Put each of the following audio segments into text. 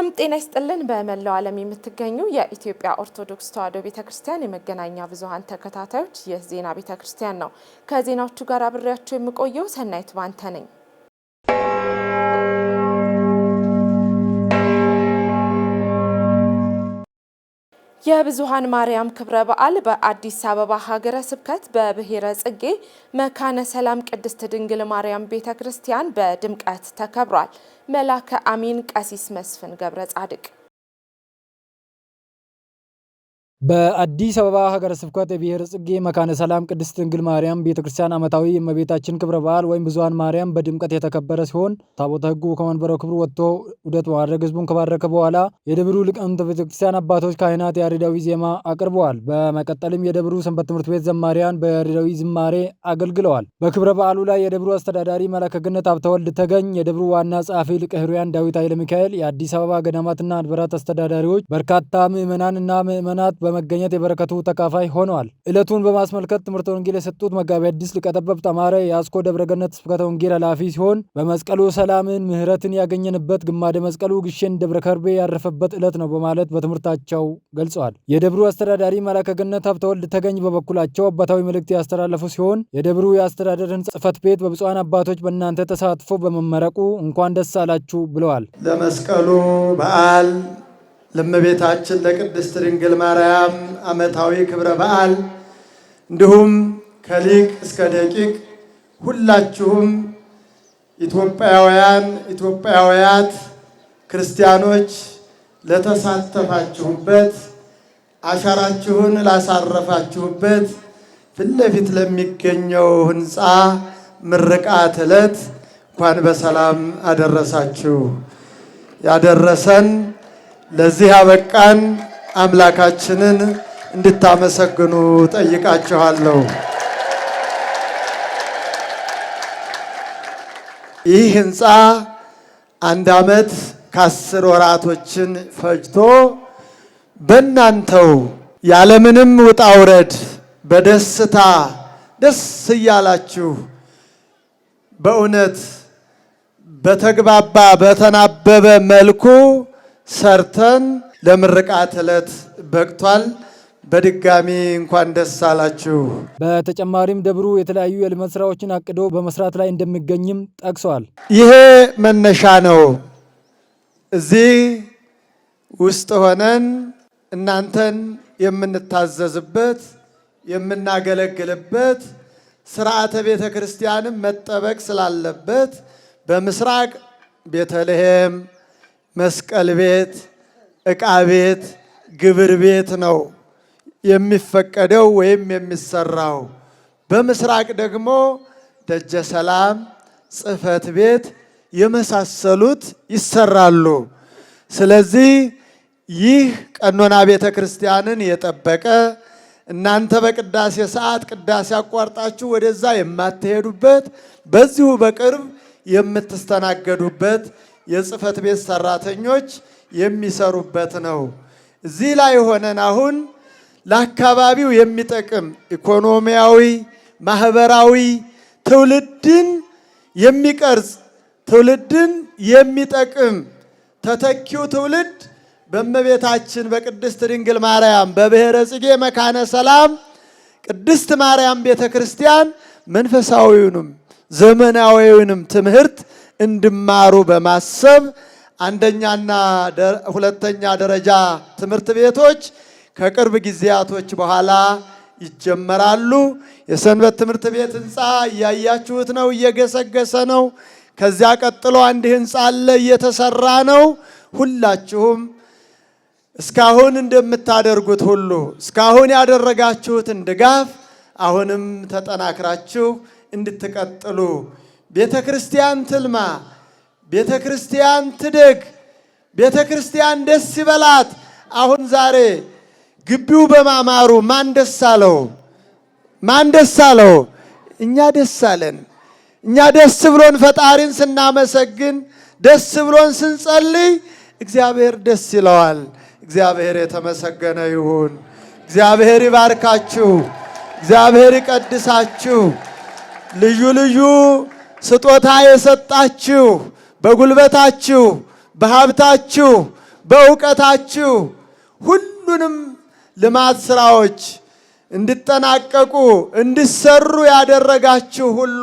ሰላም ጤና ይስጥልን። በመላው ዓለም የምትገኙ የኢትዮጵያ ኦርቶዶክስ ተዋሕዶ ቤተ ክርስቲያን የመገናኛ ብዙኃን ተከታታዮች ይህ ዜና ቤተ ክርስቲያን ነው። ከዜናዎቹ ጋር አብሬያቸው የምቆየው ሰናይት ባንተ ነኝ። የብዙኃን ማርያም ክብረ በዓል በአዲስ አበባ ሀገረ ስብከት በብሔረ ጽጌ መካነ ሰላም ቅድስት ድንግል ማርያም ቤተ ክርስቲያን በድምቀት ተከብሯል። መላከ አሚን ቀሲስ መስፍን ገብረ ጻድቅ በአዲስ አበባ ሀገረ ስብከት የብሔረ ጽጌ መካነ ሰላም ቅድስት ድንግል ማርያም ቤተ ክርስቲያን ዓመታዊ የእመቤታችን ክብረ በዓል ወይም ብዙኃን ማርያም በድምቀት የተከበረ ሲሆን ታቦተ ሕጉ ከመንበረ ክብሩ ወጥቶ ውደት በማድረግ ሕዝቡን ከባረከ በኋላ የደብሩ ሊቃውንተ ቤተ ክርስቲያን አባቶች፣ ካህናት ያሬዳዊ ዜማ አቅርበዋል። በመቀጠልም የደብሩ ሰንበት ትምህርት ቤት ዘማሪያን በያሬዳዊ ዝማሬ አገልግለዋል። በክብረ በዓሉ ላይ የደብሩ አስተዳዳሪ መላከ ገነት ሀብተወልድ ተገኝ፣ የደብሩ ዋና ጸሐፊ ሊቀ ሕሩያን ዳዊት ኃይለ ሚካኤል፣ የአዲስ አበባ ገዳማትና አድባራት አስተዳዳሪዎች፣ በርካታ ምዕመናን እና ምዕመናት በመገኘት የበረከቱ ተካፋይ ሆነዋል። ዕለቱን በማስመልከት ትምህርተ ወንጌል የሰጡት መጋቢ አዲስ ሊቀጠበብ ተማረ የአስኮ ደብረገነት ስብከተ ወንጌል ኃላፊ ሲሆን በመስቀሉ ሰላምን፣ ምህረትን ያገኘንበት ግማደ መስቀሉ ግሽን ደብረ ከርቤ ያረፈበት ዕለት ነው በማለት በትምህርታቸው ገልጸዋል። የደብሩ አስተዳዳሪ መላከገነት ሀብተወልድ ተገኝ በበኩላቸው አባታዊ መልእክት ያስተላለፉ ሲሆን የደብሩ የአስተዳደር ጽህፈት ቤት በብፁዓን አባቶች በእናንተ ተሳትፎ በመመረቁ እንኳን ደስ አላችሁ ብለዋል። ለመስቀሉ በዓል ለመቤታችን ለቅድስት ድንግል ማርያም ዓመታዊ ክብረ በዓል እንዲሁም ከሊቅ እስከ ደቂቅ ሁላችሁም ኢትዮጵያውያን ኢትዮጵያውያት ክርስቲያኖች ለተሳተፋችሁበት አሻራችሁን ላሳረፋችሁበት ፊት ለፊት ለሚገኘው ሕንፃ ምርቃት ዕለት እንኳን በሰላም አደረሳችሁ። ያደረሰን ለዚህ አበቃን አምላካችንን እንድታመሰግኑ ጠይቃችኋለሁ። ይህ ህንፃ አንድ ዓመት ከአስር ወራቶችን ፈጅቶ በእናንተው ያለምንም ውጣ ውረድ በደስታ ደስ እያላችሁ በእውነት በተግባባ በተናበበ መልኩ ሰርተን ለምርቃት ዕለት በቅቷል። በድጋሚ እንኳን ደስ አላችሁ። በተጨማሪም ደብሩ የተለያዩ የልማት ስራዎችን አቅዶ በመስራት ላይ እንደሚገኝም ጠቅሰዋል። ይሄ መነሻ ነው። እዚህ ውስጥ ሆነን እናንተን የምንታዘዝበት የምናገለግልበት ስርዓተ ቤተ ክርስቲያንም መጠበቅ ስላለበት በምስራቅ ቤተልሔም መስቀል ቤት፣ ዕቃ ቤት፣ ግብር ቤት ነው የሚፈቀደው ወይም የሚሰራው። በምስራቅ ደግሞ ደጀ ሰላም፣ ጽህፈት ቤት የመሳሰሉት ይሰራሉ። ስለዚህ ይህ ቀኖና ቤተ ክርስቲያንን የጠበቀ እናንተ በቅዳሴ ሰዓት ቅዳሴ አቋርጣችሁ ወደዛ የማትሄዱበት በዚሁ በቅርብ የምትስተናገዱበት የጽህፈት ቤት ሰራተኞች የሚሰሩበት ነው። እዚህ ላይ ሆነን አሁን ለአካባቢው የሚጠቅም ኢኮኖሚያዊ፣ ማህበራዊ ትውልድን የሚቀርጽ ትውልድን የሚጠቅም ተተኪው ትውልድ በእመቤታችን በቅድስት ድንግል ማርያም በብሔረ ጽጌ መካነ ሰላም ቅድስት ማርያም ቤተ ክርስቲያን መንፈሳዊውንም ዘመናዊውንም ትምህርት እንድማሩ በማሰብ አንደኛና ሁለተኛ ደረጃ ትምህርት ቤቶች ከቅርብ ጊዜያቶች በኋላ ይጀመራሉ። የሰንበት ትምህርት ቤት ህንፃ እያያችሁት ነው፣ እየገሰገሰ ነው። ከዚያ ቀጥሎ አንድ ህንፃ አለ፣ እየተሰራ ነው። ሁላችሁም እስካሁን እንደምታደርጉት ሁሉ እስካሁን ያደረጋችሁትን ድጋፍ አሁንም ተጠናክራችሁ እንድትቀጥሉ ቤተ ክርስቲያን ትልማ፣ ቤተ ክርስቲያን ትደግ፣ ቤተ ክርስቲያን ደስ ይበላት። አሁን ዛሬ ግቢው በማማሩ ማን ደስ አለው? ማን ደስ አለው? እኛ ደስ አለን። እኛ ደስ ብሎን ፈጣሪን ስናመሰግን፣ ደስ ብሎን ስንጸልይ እግዚአብሔር ደስ ይለዋል። እግዚአብሔር የተመሰገነ ይሁን። እግዚአብሔር ይባርካችሁ። እግዚአብሔር ይቀድሳችሁ። ልዩ ልዩ ስጦታ የሰጣችሁ በጉልበታችሁ፣ በሀብታችሁ፣ በእውቀታችሁ ሁሉንም ልማት ስራዎች እንዲጠናቀቁ እንዲሰሩ ያደረጋችሁ ሁሉ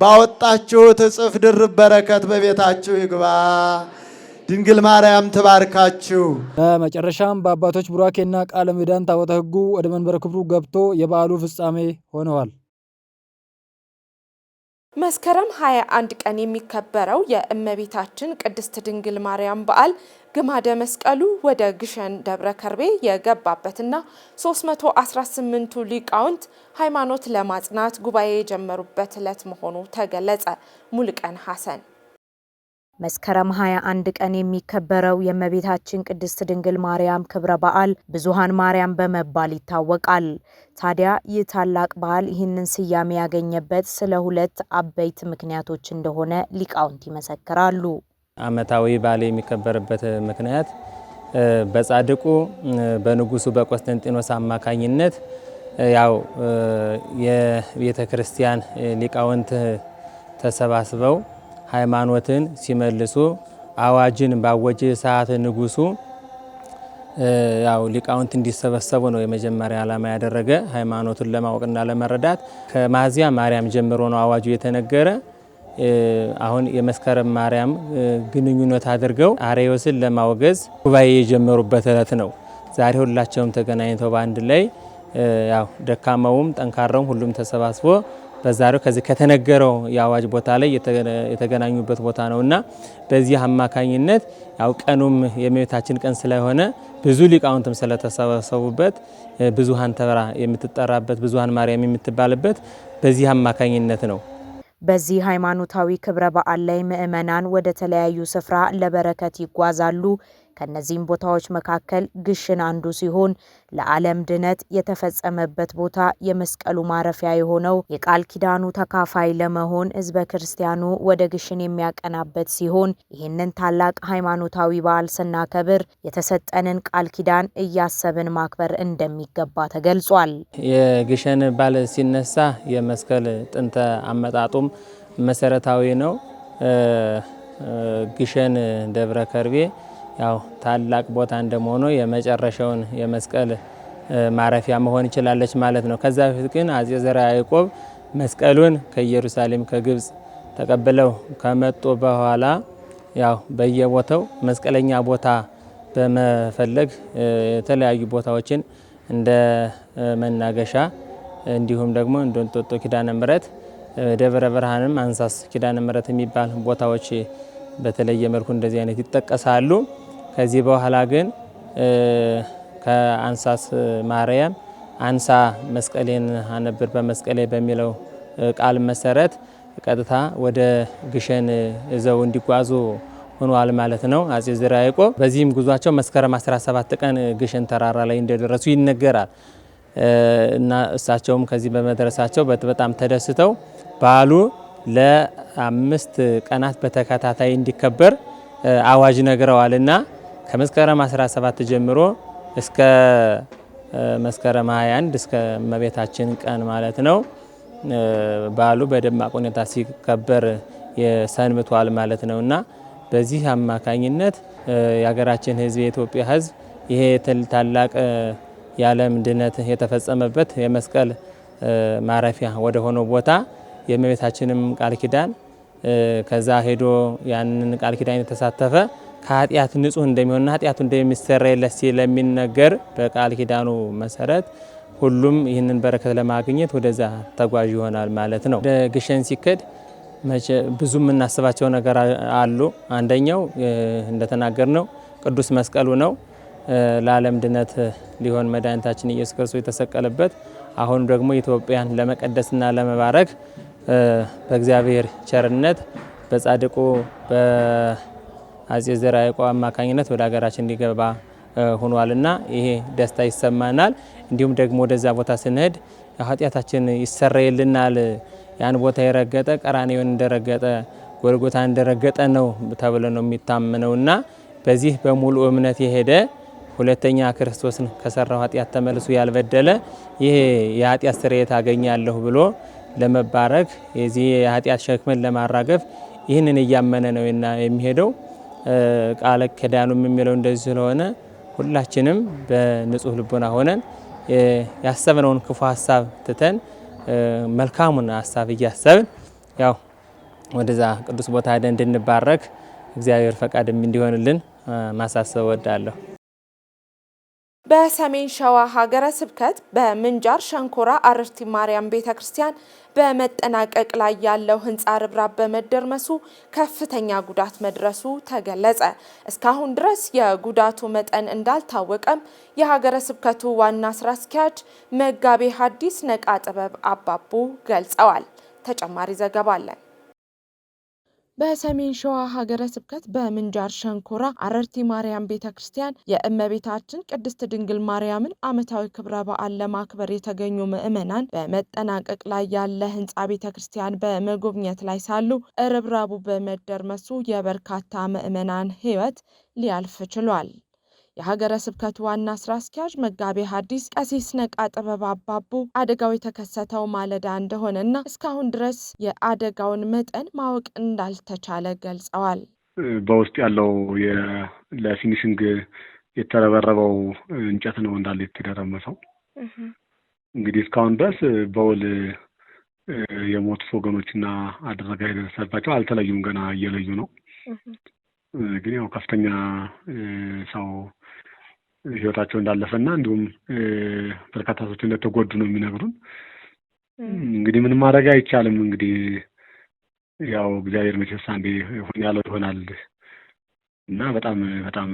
ባወጣችሁት ትጽፍ ድርብ በረከት በቤታችሁ ይግባ። ድንግል ማርያም ትባርካችሁ። በመጨረሻም በአባቶች ቡራኬና ቃለ ምዕዳን ታቦተ ሕጉ ወደ መንበረ ክብሩ ገብቶ የበዓሉ ፍጻሜ ሆነዋል። መስከረም 21 ቀን የሚከበረው የእመቤታችን ቅድስት ድንግል ማርያም በዓል ግማደ መስቀሉ ወደ ግሸን ደብረ ከርቤ የገባበትና 318ቱ ሊቃውንት ሃይማኖት ለማጽናት ጉባኤ የጀመሩበት ዕለት መሆኑ ተገለጸ። ሙልቀን ሐሰን መስከረም 21 ቀን የሚከበረው የእመቤታችን ቅድስት ድንግል ማርያም ክብረ በዓል ብዙኃን ማርያም በመባል ይታወቃል። ታዲያ ይህ ታላቅ በዓል ይህንን ስያሜ ያገኘበት ስለ ሁለት አበይት ምክንያቶች እንደሆነ ሊቃውንት ይመሰክራሉ። ዓመታዊ በዓል የሚከበርበት ምክንያት በጻድቁ በንጉሱ በቆስጠንጢኖስ አማካኝነት ያው የቤተ ክርስቲያን ሊቃውንት ተሰባስበው ሃይማኖትን ሲመልሱ አዋጅን ባወጀ ሰዓት ንጉሱ ያው ሊቃውንት እንዲሰበሰቡ ነው የመጀመሪያ ዓላማ ያደረገ ሃይማኖቱን ለማወቅና ለመረዳት። ከማዚያ ማርያም ጀምሮ ነው አዋጁ የተነገረ። አሁን የመስከረም ማርያም ግንኙነት አድርገው አሬዮስን ለማውገዝ ጉባኤ የጀመሩበት እለት ነው። ዛሬ ሁላቸውም ተገናኝተው በአንድ ላይ ያው ደካማውም ጠንካራውም ሁሉም ተሰባስቦ በዛሬው ከዚህ ከተነገረው የአዋጅ ቦታ ላይ የተገናኙበት ቦታ ነው እና በዚህ አማካኝነት ያው ቀኑም የእመቤታችን ቀን ስለሆነ ብዙ ሊቃውንትም ስለተሰበሰቡበት ብዙሃን ተራ የምትጠራበት ብዙሃን ማርያም የምትባልበት በዚህ አማካኝነት ነው። በዚህ ሃይማኖታዊ ክብረ በዓል ላይ ምእመናን ወደ ተለያዩ ስፍራ ለበረከት ይጓዛሉ። ከእነዚህም ቦታዎች መካከል ግሽን አንዱ ሲሆን ለዓለም ድነት የተፈጸመበት ቦታ የመስቀሉ ማረፊያ የሆነው የቃል ኪዳኑ ተካፋይ ለመሆን ህዝበ ክርስቲያኑ ወደ ግሽን የሚያቀናበት ሲሆን ይህንን ታላቅ ሃይማኖታዊ በዓል ስናከብር የተሰጠንን ቃል ኪዳን እያሰብን ማክበር እንደሚገባ ተገልጿል። የግሸን በዓል ሲነሳ የመስቀል ጥንተ አመጣጡም መሰረታዊ ነው። ግሸን ደብረ ከርቤ ያው ታላቅ ቦታ እንደመሆኑ የመጨረሻውን የመስቀል ማረፊያ መሆን ይችላለች ማለት ነው። ከዛ በፊት ግን አፄ ዘርዓ ያዕቆብ መስቀሉን ከኢየሩሳሌም ከግብፅ ተቀብለው ከመጡ በኋላ ያው በየቦታው መስቀለኛ ቦታ በመፈለግ የተለያዩ ቦታዎችን እንደ መናገሻ እንዲሁም ደግሞ እንደ እንጦጦ ኪዳነ ምሕረት ደብረ ብርሃንም አንሳስ ኪዳነ ምሕረት የሚባል ቦታዎች በተለየ መልኩ እንደዚህ አይነት ይጠቀሳሉ። ከዚህ በኋላ ግን ከአንሳስ ማርያም አንሳ መስቀሌን አነብር በመስቀሌ በሚለው ቃል መሰረት ቀጥታ ወደ ግሸን ይዘው እንዲጓዙ ሆኗል ማለት ነው አጼ ዘርዓ ያዕቆብ። በዚህም ጉዟቸው መስከረም 17 ቀን ግሸን ተራራ ላይ እንደደረሱ ይነገራል እና እሳቸውም ከዚህ በመድረሳቸው በጣም ተደስተው በዓሉ ለአምስት ቀናት በተከታታይ እንዲከበር አዋጅ ነግረዋልና ከመስከረም 17 ጀምሮ እስከ መስከረም 21 እስከ እመቤታችን ቀን ማለት ነው። በዓሉ በደማቅ ሁኔታ ሲከበር የሰንብቷል ማለት ነው እና በዚህ አማካኝነት የሀገራችን ሕዝብ የኢትዮጵያ ሕዝብ ይሄ ታላቅ የዓለም ድነት የተፈጸመበት የመስቀል ማረፊያ ወደ ሆነው ቦታ የእመቤታችንም ቃል ኪዳን ከዛ ሄዶ ያንን ቃል ኪዳን የተሳተፈ ከኃጢአት ንጹህ እንደሚሆንና ኃጢአቱ እንደሚሰረይለት ስለሚነገር በቃል ኪዳኑ መሰረት ሁሉም ይህንን በረከት ለማግኘት ወደዛ ተጓዥ ይሆናል ማለት ነው። ግሸን ሲከድ ብዙ የምናስባቸው ነገር አሉ። አንደኛው እንደተናገር ነው ቅዱስ መስቀሉ ነው። ለዓለም ድነት ሊሆን መድኃኒታችን ኢየሱስ ክርስቶስ የተሰቀለበት አሁን ደግሞ ኢትዮጵያን ለመቀደስና ለመባረክ በእግዚአብሔር ቸርነት በጻድቁ አጼ ዘርዓ ያዕቆብ አማካኝነት ወደ ሀገራችን እንዲገባ ሆኗልና ይሄ ደስታ ይሰማናል። እንዲሁም ደግሞ ወደዛ ቦታ ስንሄድ ኃጢአታችን ይሰረይልናል። ያን ቦታ የረገጠ ቀራኔውን እንደረገጠ ጎልጎታ እንደረገጠ ነው ተብሎ ነው የሚታመነውና በዚህ በሙሉ እምነት የሄደ ሁለተኛ ክርስቶስን ከሰራው ኃጢአት ተመልሶ ያልበደለ ይሄ የኃጢአት ስርየት አገኛለሁ ብሎ ለመባረክ የዚህ የኃጢአት ሸክምን ለማራገፍ ይህንን እያመነ ነው የሚሄደው። ቃለ ኪዳኑም የሚለው እንደዚህ ስለሆነ ሁላችንም በንጹህ ልቦና ሆነን ያሰብነውን ክፉ ሀሳብ ትተን መልካሙን ሀሳብ እያሰብን ያው ወደዛ ቅዱስ ቦታ ሄደን እንድንባረክ እግዚአብሔር ፈቃድም እንዲሆንልን ማሳሰብ ወዳለሁ። በሰሜን ሸዋ ሀገረ ስብከት በምንጃር ሸንኮራ አረርቲ ማርያም ቤተ ክርስቲያን በመጠናቀቅ ላይ ያለው ህንፃ ርብራብ በመደርመሱ ከፍተኛ ጉዳት መድረሱ ተገለጸ። እስካሁን ድረስ የጉዳቱ መጠን እንዳልታወቀም የሀገረ ስብከቱ ዋና ስራ አስኪያጅ መጋቤ ሐዲስ ነቃ ጥበብ አባቡ ገልጸዋል። ተጨማሪ ዘገባ አለን። በሰሜን ሸዋ ሀገረ ስብከት በምንጃር ሸንኮራ አረርቲ ማርያም ቤተ ክርስቲያን የእመቤታችን ቅድስት ድንግል ማርያምን ዓመታዊ ክብረ በዓል ለማክበር የተገኙ ምዕመናን በመጠናቀቅ ላይ ያለ ህንፃ ቤተ ክርስቲያን በመጎብኘት ላይ ሳሉ ርብራቡ በመደርመሱ የበርካታ ምዕመናን ህይወት ሊያልፍ ችሏል። የሀገረ ስብከቱ ዋና ስራ አስኪያጅ መጋቤ ሐዲስ ቀሲስ ነቃ ጥበብ አባቡ አደጋው የተከሰተው ማለዳ እንደሆነና እስካሁን ድረስ የአደጋውን መጠን ማወቅ እንዳልተቻለ ገልጸዋል። በውስጥ ያለው ለፊኒሽንግ የተረበረበው እንጨት ነው እንዳለ የተደረመሰው። እንግዲህ እስካሁን ድረስ በውል የሞቱት ወገኖችና አደረጋ የደረሰባቸው አልተለዩም። ገና እየለዩ ነው። ግን ያው ከፍተኛ ሰው ህይወታቸው እንዳለፈና እንዲሁም በርካታ ሰዎች እንደተጎዱ ነው የሚነግሩን። እንግዲህ ምንም ማድረግ አይቻልም። እንግዲህ ያው እግዚአብሔር መቼሳ እንዲ ያለው ይሆናል እና በጣም በጣም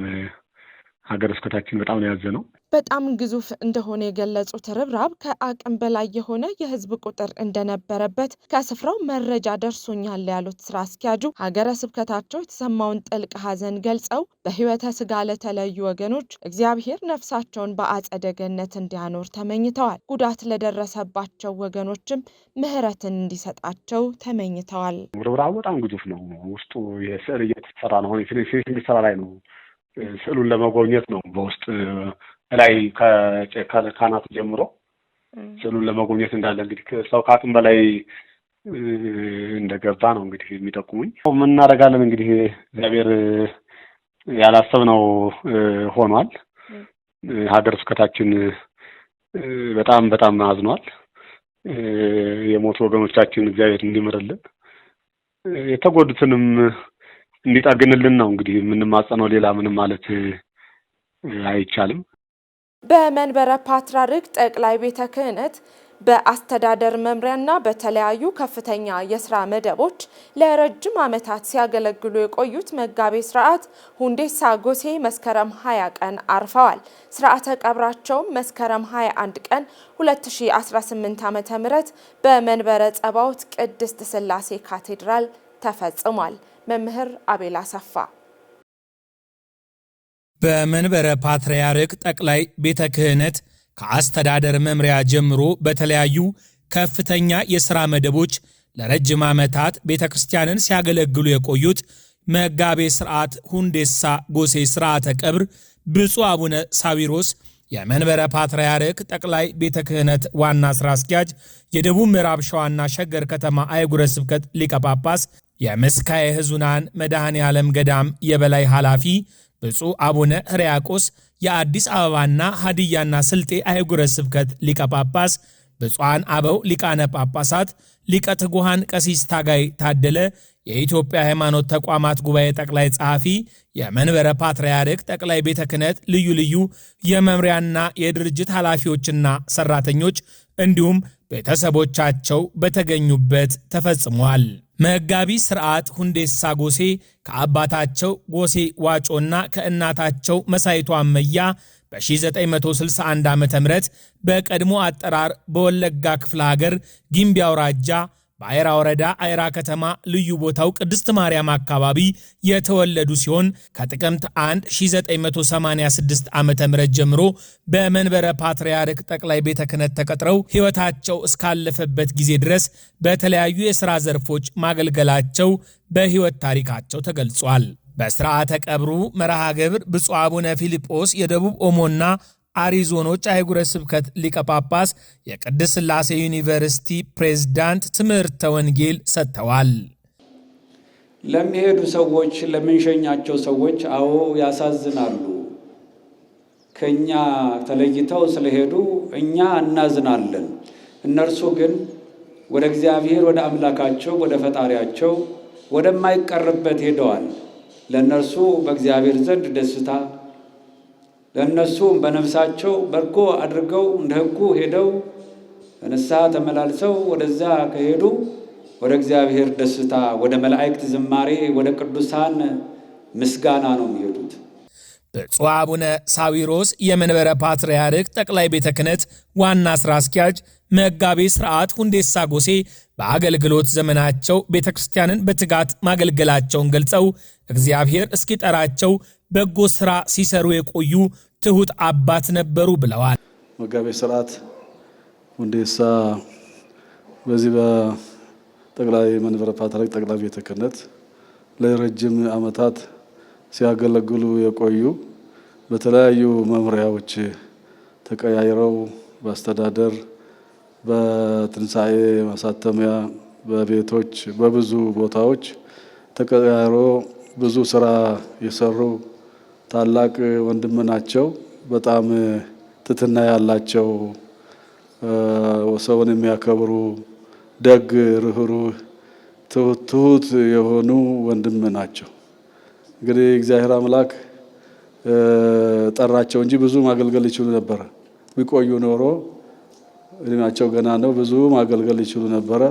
ሀገር እስከታችን በጣም ነው ያዘ ነው። በጣም ግዙፍ እንደሆነ የገለጹት ርብራብ ከአቅም በላይ የሆነ የህዝብ ቁጥር እንደነበረበት ከስፍራው መረጃ ደርሶኛል ያሉት ስራ አስኪያጁ ሀገረ ስብከታቸው የተሰማውን ጥልቅ ሐዘን ገልጸው በህይወተ ስጋ ለተለዩ ወገኖች እግዚአብሔር ነፍሳቸውን በአጸደ ገነት እንዲያኖር ተመኝተዋል። ጉዳት ለደረሰባቸው ወገኖችም ምህረትን እንዲሰጣቸው ተመኝተዋል። ርብራብ በጣም ግዙፍ ነው። ውስጡ የስዕል እየተሰራ ነው። ፊኒሽ የሚሰራ ላይ ነው ስዕሉን ለመጎብኘት ነው። በውስጥ ላይ ከካናቱ ጀምሮ ስዕሉን ለመጎብኘት እንዳለ እንግዲህ ሰው ከአቅም በላይ እንደገባ ነው እንግዲህ የሚጠቁሙኝ። ምን እናደርጋለን እንግዲህ እግዚአብሔር ያላሰብነው ሆኗል። ሀገር ስብከታችን በጣም በጣም አዝኗል። የሞቱ ወገኖቻችን እግዚአብሔር እንዲምርልን የተጎዱትንም እንዲጠግንልን ነው እንግዲህ የምንማጸነው። ሌላ ምንም ማለት አይቻልም። በመንበረ ፓትርያርክ ጠቅላይ ቤተ ክህነት በአስተዳደር መምሪያና በተለያዩ ከፍተኛ የስራ መደቦች ለረጅም ዓመታት ሲያገለግሉ የቆዩት መጋቤ ስርዓት ሁንዴሳ ጎሴ መስከረም 20 ቀን አርፈዋል። ስርዓተ ቀብራቸውም መስከረም 21 ቀን 2018 ዓ.ም በመንበረ ጸባዖት ቅድስት ስላሴ ካቴድራል ተፈጽሟል። መምህር አቤል አሰፋ በመንበረ ፓትርያርክ ጠቅላይ ቤተ ክህነት ከአስተዳደር መምሪያ ጀምሮ በተለያዩ ከፍተኛ የሥራ መደቦች ለረጅም ዓመታት ቤተ ክርስቲያንን ሲያገለግሉ የቆዩት መጋቤ ሥርዓት ሁንዴሳ ጎሴ ሥርዓተ ቀብር ብፁዕ አቡነ ሳዊሮስ የመንበረ ፓትርያርክ ጠቅላይ ቤተ ክህነት ዋና ሥራ አስኪያጅ፣ የደቡብ ምዕራብ ሸዋና ሸገር ከተማ አህጉረ ስብከት ሊቀ ጳጳስ የመስካየ ሕዙናን መድኃኔ ዓለም ገዳም የበላይ ኃላፊ ብፁዕ አቡነ ሕርያቆስ፣ የአዲስ አበባና ሀዲያና ስልጤ አህጉረ ስብከት ሊቀ ጳጳስ፣ ብፁዓን አበው ሊቃነ ጳጳሳት፣ ሊቀ ትጉሃን ቀሲስ ታጋይ ታደለ፣ የኢትዮጵያ ሃይማኖት ተቋማት ጉባኤ ጠቅላይ ጸሐፊ፣ የመንበረ ፓትርያርክ ጠቅላይ ቤተ ክህነት ልዩ ልዩ የመምሪያና የድርጅት ኃላፊዎችና ሰራተኞች እንዲሁም ቤተሰቦቻቸው በተገኙበት ተፈጽሟል። መጋቢ ስርዓት ሁንዴሳ ጎሴ ከአባታቸው ጎሴ ዋጮና ከእናታቸው መሳይቷ አመያ በ1961 ዓ ም በቀድሞ አጠራር በወለጋ ክፍለ ሀገር ጊምቢ አውራጃ በአይራ ወረዳ አይራ ከተማ ልዩ ቦታው ቅድስት ማርያም አካባቢ የተወለዱ ሲሆን ከጥቅምት 1 1986 ዓ ም ጀምሮ በመንበረ ፓትርያርክ ጠቅላይ ቤተ ክህነት ተቀጥረው ሕይወታቸው እስካለፈበት ጊዜ ድረስ በተለያዩ የሥራ ዘርፎች ማገልገላቸው በሕይወት ታሪካቸው ተገልጿል። በሥርዓተ ቀብሩ መርሃ ግብር ብፁዕ አቡነ ፊልጶስ የደቡብ ኦሞና አሪዞኖች አህጉረ ስብከት ሊቀ ጳጳስ የቅድስት ሥላሴ ዩኒቨርሲቲ ፕሬዝዳንት ትምህርተ ወንጌል ሰጥተዋል። ለሚሄዱ ሰዎች ለምንሸኛቸው ሰዎች አዎ ያሳዝናሉ። ከእኛ ተለይተው ስለሄዱ እኛ እናዝናለን። እነርሱ ግን ወደ እግዚአብሔር ወደ አምላካቸው ወደ ፈጣሪያቸው ወደማይቀርበት ሄደዋል። ለእነርሱ በእግዚአብሔር ዘንድ ደስታ ለእነሱም በነፍሳቸው በርኮ አድርገው እንደ ሕጉ ሄደው በንስሐ ተመላልሰው ወደዛ ከሄዱ ወደ እግዚአብሔር ደስታ፣ ወደ መላእክት ዝማሬ፣ ወደ ቅዱሳን ምስጋና ነው የሚሄዱት። ብፁዕ አቡነ ሳዊሮስ የመንበረ ፓትርያርክ ጠቅላይ ቤተ ክህነት ዋና ሥራ አስኪያጅ መጋቤ ሥርዓት ሁንዴሳ ጎሴ በአገልግሎት ዘመናቸው ቤተ ክርስቲያንን በትጋት ማገልገላቸውን ገልጸው እግዚአብሔር እስኪጠራቸው በጎ ስራ ሲሰሩ የቆዩ ትሁት አባት ነበሩ ብለዋል። መጋቤ ስርዓት ወንዴሳ በዚህ በጠቅላይ መንበረ ፓትርያርክ ጠቅላይ ቤተ ክህነት ለረጅም ዓመታት ሲያገለግሉ የቆዩ በተለያዩ መምሪያዎች ተቀያይረው በአስተዳደር በትንሣኤ ማሳተሚያ በቤቶች በብዙ ቦታዎች ተቀያይሮ ብዙ ስራ የሰሩ ታላቅ ወንድም ናቸው። በጣም ትትና ያላቸው ሰውን የሚያከብሩ ደግ፣ ርኅሩህ፣ ትሁት የሆኑ ወንድም ናቸው። እንግዲህ እግዚአብሔር አምላክ ጠራቸው እንጂ ብዙ ማገልገል ይችሉ ነበረ። ቢቆዩ ኖሮ እድሜያቸው ገና ነው፣ ብዙ ማገልገል ይችሉ ነበረ።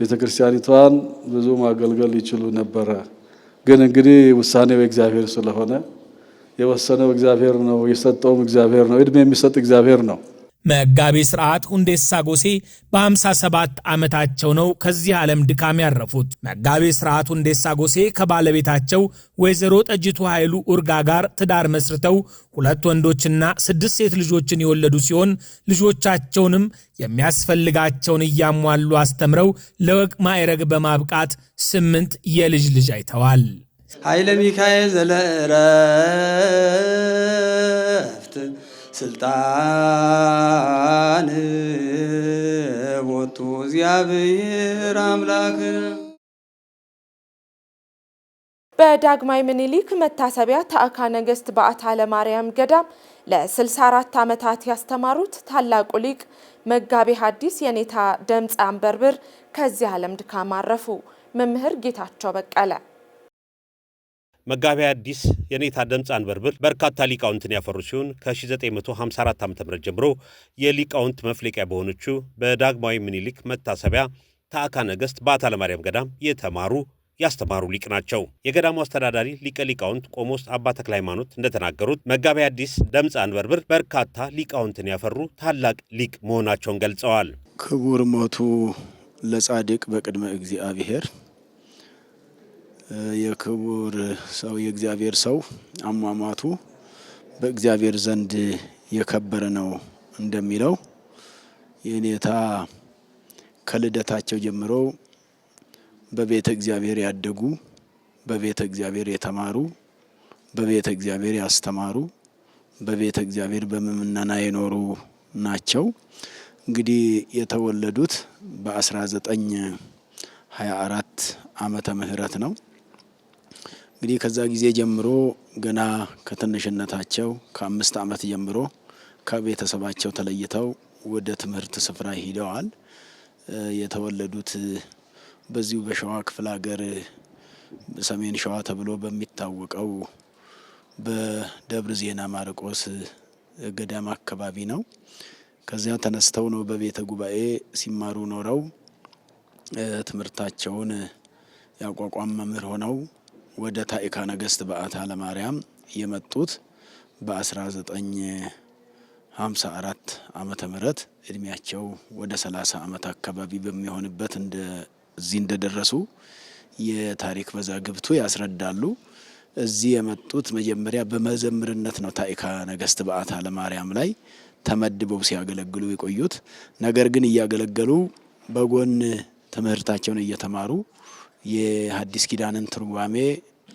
ቤተ ክርስቲያኒቷን ብዙ ማገልገል ይችሉ ነበረ። ግን እንግዲህ ውሳኔው የእግዚአብሔር ስለሆነ የወሰነው እግዚአብሔር ነው፣ የሰጠውም እግዚአብሔር ነው። ዕድሜ የሚሰጥ እግዚአብሔር ነው። መጋቢ ስርዓት ሁንዴሳ ጎሴ በ57 ዓመታቸው ነው ከዚህ ዓለም ድካም ያረፉት። መጋቢ ስርዓት ሁንዴሳ ጎሴ ከባለቤታቸው ወይዘሮ ጠጅቱ ኃይሉ ኡርጋ ጋር ትዳር መስርተው ሁለት ወንዶችና ስድስት ሴት ልጆችን የወለዱ ሲሆን ልጆቻቸውንም የሚያስፈልጋቸውን እያሟሉ አስተምረው ለወግ ማዕረግ በማብቃት ስምንት የልጅ ልጅ አይተዋል። ኃይለ ሚካኤል ዘለእረፍት ስልጣን ቦቱ እግዚአብሔር አምላክ በዳግማዊ ምኒልክ መታሰቢያ ተአካ ነገሥት በዓታ ለማርያም ገዳም ለ64 ዓመታት ያስተማሩት ታላቁ ሊቅ መጋቤ ሐዲስ የኔታ ደምፀ አንበርብር ከዚህ ዓለም ድካም አረፉ። መምህር ጌታቸው በቀለ መጋቢያ አዲስ የኔታ ድምፅ አንበርብር በርካታ ሊቃውንትን ያፈሩ ሲሆን ከ1954 ዓ ም ጀምሮ የሊቃውንት መፍለቂያ በሆነችው በዳግማዊ ምኒልክ መታሰቢያ ተአካ ነገሥት በዓታ ለማርያም ገዳም የተማሩ ያስተማሩ ሊቅ ናቸው። የገዳሙ አስተዳዳሪ ሊቀ ሊቃውንት ቆሞስ አባ ተክለ ሃይማኖት እንደተናገሩት መጋቢያ አዲስ ደምፅ አንበርብር በርካታ ሊቃውንትን ያፈሩ ታላቅ ሊቅ መሆናቸውን ገልጸዋል። ክቡር ሞቱ ለጻድቅ በቅድመ እግዚአብሔር የክቡር ሰው የእግዚአብሔር ሰው አሟሟቱ በእግዚአብሔር ዘንድ የከበረ ነው እንደሚለው የኔታ ከልደታቸው ጀምሮ በቤተ እግዚአብሔር ያደጉ፣ በቤተ እግዚአብሔር የተማሩ፣ በቤተ እግዚአብሔር ያስተማሩ፣ በቤተ እግዚአብሔር በምእምናና የኖሩ ናቸው። እንግዲህ የተወለዱት በ1924 ዓመተ ምህረት ነው። እንግዲህ ከዛ ጊዜ ጀምሮ ገና ከትንሽነታቸው ከአምስት ዓመት ጀምሮ ከቤተሰባቸው ተለይተው ወደ ትምህርት ስፍራ ሂደዋል። የተወለዱት በዚሁ በሸዋ ክፍለ ሀገር ሰሜን ሸዋ ተብሎ በሚታወቀው በደብረ ዜና ማርቆስ ገዳም አካባቢ ነው። ከዚያ ተነስተው ነው በቤተ ጉባኤ ሲማሩ ኖረው ትምህርታቸውን ያቋቋም መምህር ሆነው ወደ ታዕካ ነገሥት በዓታ ለማርያም የመጡት በ1954 ዓመተ ምህረት እድሜያቸው ወደ 30 ዓመት አካባቢ በሚሆንበት እንደዚህ እንደደረሱ የታሪክ መዛግብቱ ያስረዳሉ። እዚህ የመጡት መጀመሪያ በመዘምርነት ነው። ታዕካ ነገሥት በዓታ ለማርያም ላይ ተመድበው ሲያገለግሉ የቆዩት ነገር ግን እያገለገሉ በጎን ትምህርታቸውን እየተማሩ የሐዲስ ኪዳንን ትርጓሜ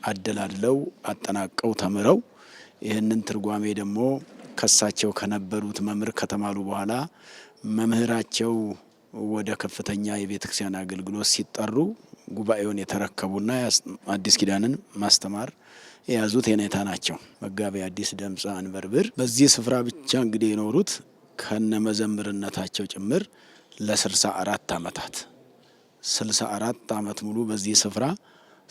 አደላድለው አጠናቀው ተምረው ይህንን ትርጓሜ ደግሞ ከሳቸው ከነበሩት መምህር ከተማሉ በኋላ መምህራቸው ወደ ከፍተኛ የቤተ ክርስቲያን አገልግሎት ሲጠሩ ጉባኤውን የተረከቡና አዲስ ኪዳንን ማስተማር የያዙት የኔታ ናቸው። መጋቤ አዲስ ደምጸ አንበርብር በዚህ ስፍራ ብቻ እንግዲህ የኖሩት ከነመዘምርነታቸው ጭምር ለስልሳ አራት ዓመታት ስልሳ አራት ዓመት ሙሉ በዚህ ስፍራ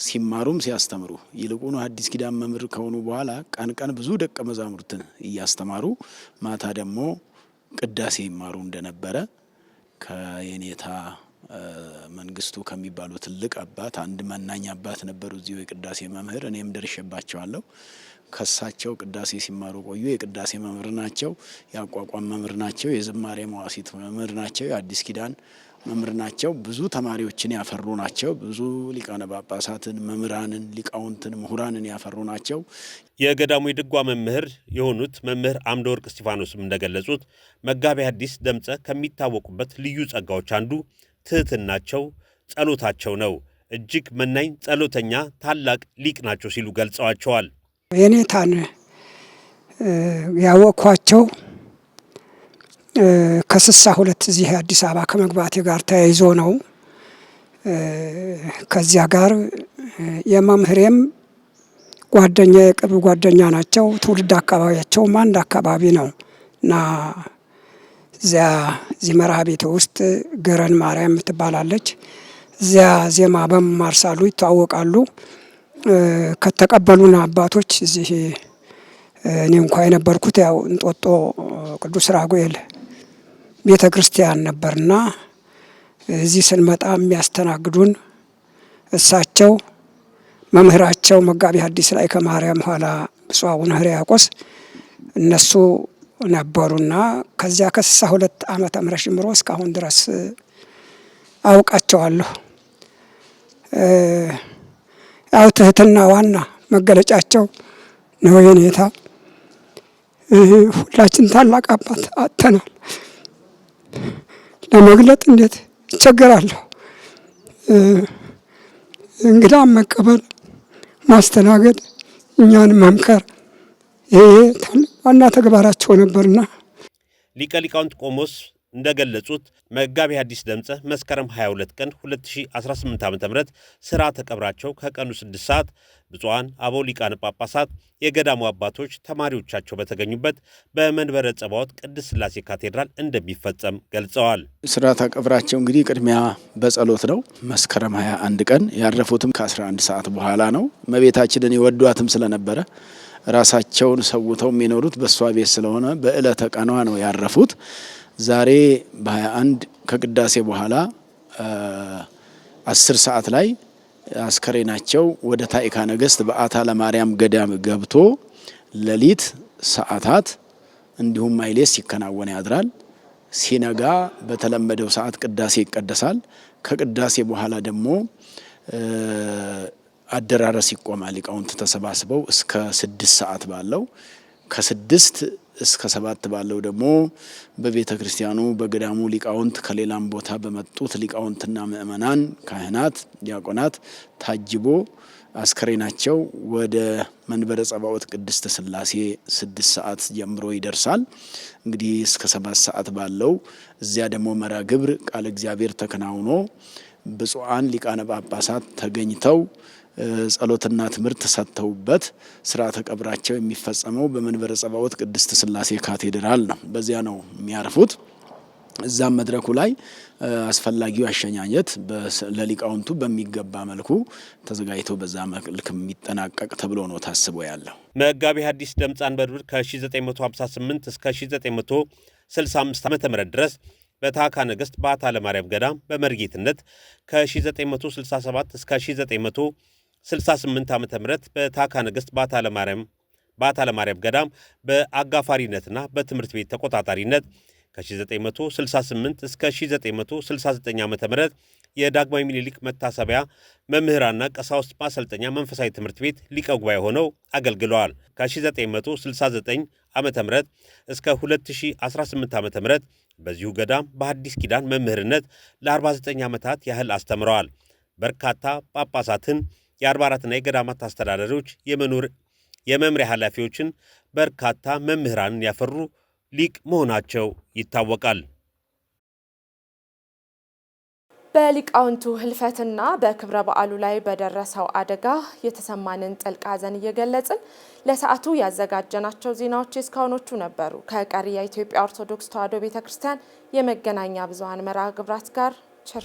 ሲማሩም ሲያስተምሩ ይልቁኑ አዲስ ኪዳን መምህር ከሆኑ በኋላ ቀን ቀን ብዙ ደቀ መዛሙርትን እያስተማሩ ማታ ደግሞ ቅዳሴ ይማሩ እንደነበረ ከየኔታ መንግስቱ ከሚባሉ ትልቅ አባት አንድ መናኝ አባት ነበሩ፣ እዚሁ የቅዳሴ መምህር። እኔም ደርሸባቸዋለሁ። ከሳቸው ቅዳሴ ሲማሩ ቆዩ። የቅዳሴ መምህር ናቸው፣ የአቋቋም መምህር ናቸው፣ የዝማሬ መዋሲት መምህር ናቸው፣ የአዲስ ኪዳን መምህር ናቸው። ብዙ ተማሪዎችን ያፈሩ ናቸው። ብዙ ሊቃነ ጳጳሳትን፣ መምህራንን፣ ሊቃውንትን፣ ምሁራንን ያፈሩ ናቸው። የገዳሙ የድጓ መምህር የሆኑት መምህር አምደ ወርቅ እስጢፋኖስም እንደገለጹት መጋቤ ሐዲስ ደምጸ ከሚታወቁበት ልዩ ጸጋዎች አንዱ ትህትናቸው፣ ጸሎታቸው ነው። እጅግ መናኝ ጸሎተኛ ታላቅ ሊቅ ናቸው ሲሉ ገልጸዋቸዋል። የኔታን ያወቅኳቸው ከስሳ ሁለት እዚህ አዲስ አበባ ከመግባቴ ጋር ተያይዞ ነው። ከዚያ ጋር የመምህሬም ጓደኛ የቅርብ ጓደኛ ናቸው። ትውልድ አካባቢያቸውም አንድ አካባቢ ነው እና እዚያ እዚህ መርሃ ቤቴ ውስጥ ገረን ማርያም ትባላለች። እዚያ ዜማ በመማር ሳሉ ይተዋወቃሉ። ከተቀበሉን አባቶች እዚህ እኔ እንኳ የነበርኩት ያው እንጦጦ ቅዱስ ራጉኤል ቤተ ክርስቲያን ነበርና እዚህ ስንመጣ የሚያስተናግዱን እሳቸው መምህራቸው መጋቢ ሐዲስ ላይ ከማርያም ኋላ ብፁዕ አቡነ ሕርያቆስ እነሱ ነበሩና ከዚያ ከስሳ ሁለት ዓመተ ምህረት ጀምሮ እስካሁን ድረስ አውቃቸዋለሁ። ያው ትህትና ዋና መገለጫቸው ነው። የኔታ ሁላችን ታላቅ አባት አጥተናል። ለመግለጥ እንዴት ይቸገራለሁ። እንግዳ መቀበል፣ ማስተናገድ፣ እኛን መምከር ይሄ ዋና ተግባራቸው ነበርና ሊቀ ሊቃውንት ቆሞስ እንደገለጹት መጋቢ አዲስ ደምፀ መስከረም 22 ቀን 2018 ዓ ም ሥራ ተቀብራቸው ከቀኑ 6 ሰዓት ብፁዓን አበው ሊቃነ ጳጳሳት፣ የገዳሙ አባቶች ተማሪዎቻቸው በተገኙበት በመንበረ ጸባዖት ቅድስት ሥላሴ ካቴድራል እንደሚፈጸም ገልጸዋል። ሥራ ተቀብራቸው እንግዲህ ቅድሚያ በጸሎት ነው። መስከረም 21 ቀን ያረፉትም ከ11 ሰዓት በኋላ ነው። መቤታችንን የወዷትም ስለነበረ ራሳቸውን ሰውተው የሚኖሩት በእሷ ቤት ስለሆነ በዕለተ ቀኗ ነው ያረፉት። ዛሬ በ21 ከቅዳሴ በኋላ አስር ሰዓት ላይ አስከሬናቸው ወደ ታይካ ነገስት በአታ ለማርያም ገዳም ገብቶ ሌሊት ሰዓታት እንዲሁም ማይሌስ ሲከናወን ያድራል። ሲነጋ በተለመደው ሰዓት ቅዳሴ ይቀደሳል። ከቅዳሴ በኋላ ደግሞ አደራረስ ይቆማል። ሊቃውንት ተሰባስበው እስከ ስድስት ሰዓት ባለው ከስድስት እስከ ሰባት ባለው ደግሞ በቤተ ክርስቲያኑ በገዳሙ ሊቃውንት ከሌላም ቦታ በመጡት ሊቃውንትና ምእመናን፣ ካህናት፣ ዲያቆናት ታጅቦ አስከሬናቸው ወደ መንበረ ጸባኦት ቅድስተ ስላሴ ስድስት ሰዓት ጀምሮ ይደርሳል። እንግዲህ እስከ ሰባት ሰዓት ባለው እዚያ ደግሞ መራ ግብር ቃለ እግዚአብሔር ተከናውኖ ብፁዓን ሊቃነ ጳጳሳት ተገኝተው ጸሎትና ትምህርት ሰጥተውበት ስርዓተ ቀብራቸው የሚፈጸመው በመንበረ ጸባዖት ቅድስት ስላሴ ካቴድራል ነው። በዚያ ነው የሚያርፉት። እዛም መድረኩ ላይ አስፈላጊው አሸኛኘት ለሊቃውንቱ በሚገባ መልኩ ተዘጋጅቶ በዛ መልክ የሚጠናቀቅ ተብሎ ነው ታስቦ ያለው። መጋቤ ሐዲስ ደምፃን በዱር ከ958 እስከ 965 ዓ ም ድረስ በታካ ነገሥት በዓታ ለማርያም ገዳም በመርጌትነት ከ967 እስከ 68 ዓ ም በታካ ነገሥት በአታ ለማርያም ገዳም በአጋፋሪነትና በትምህርት ቤት ተቆጣጣሪነት ከ1968 እስከ 1969 ዓ ም የዳግማዊ ምኒልክ መታሰቢያ መምህራንና ቀሳውስት ማሰልጠኛ መንፈሳዊ ትምህርት ቤት ሊቀ ጉባኤ ሆነው አገልግለዋል። ከ1969 ዓ ም እስከ 2018 ዓ ም በዚሁ ገዳም በአዲስ ኪዳን መምህርነት ለ49 ዓመታት ያህል አስተምረዋል። በርካታ ጳጳሳትን የአርባራትና የገዳማት አስተዳዳሪዎች የመምሪያ ኃላፊዎችን በርካታ መምህራንን ያፈሩ ሊቅ መሆናቸው ይታወቃል። በሊቃውንቱ ህልፈትና በክብረ በዓሉ ላይ በደረሰው አደጋ የተሰማንን ጥልቅ ሐዘን እየገለጽን ለሰዓቱ ያዘጋጀናቸው ዜናዎች እስካሁኖቹ ነበሩ። ከቀሪ የኢትዮጵያ ኦርቶዶክስ ተዋሕዶ ቤተ ክርስቲያን የመገናኛ ብዙኃን መርሃ ግብራት ጋር ቸር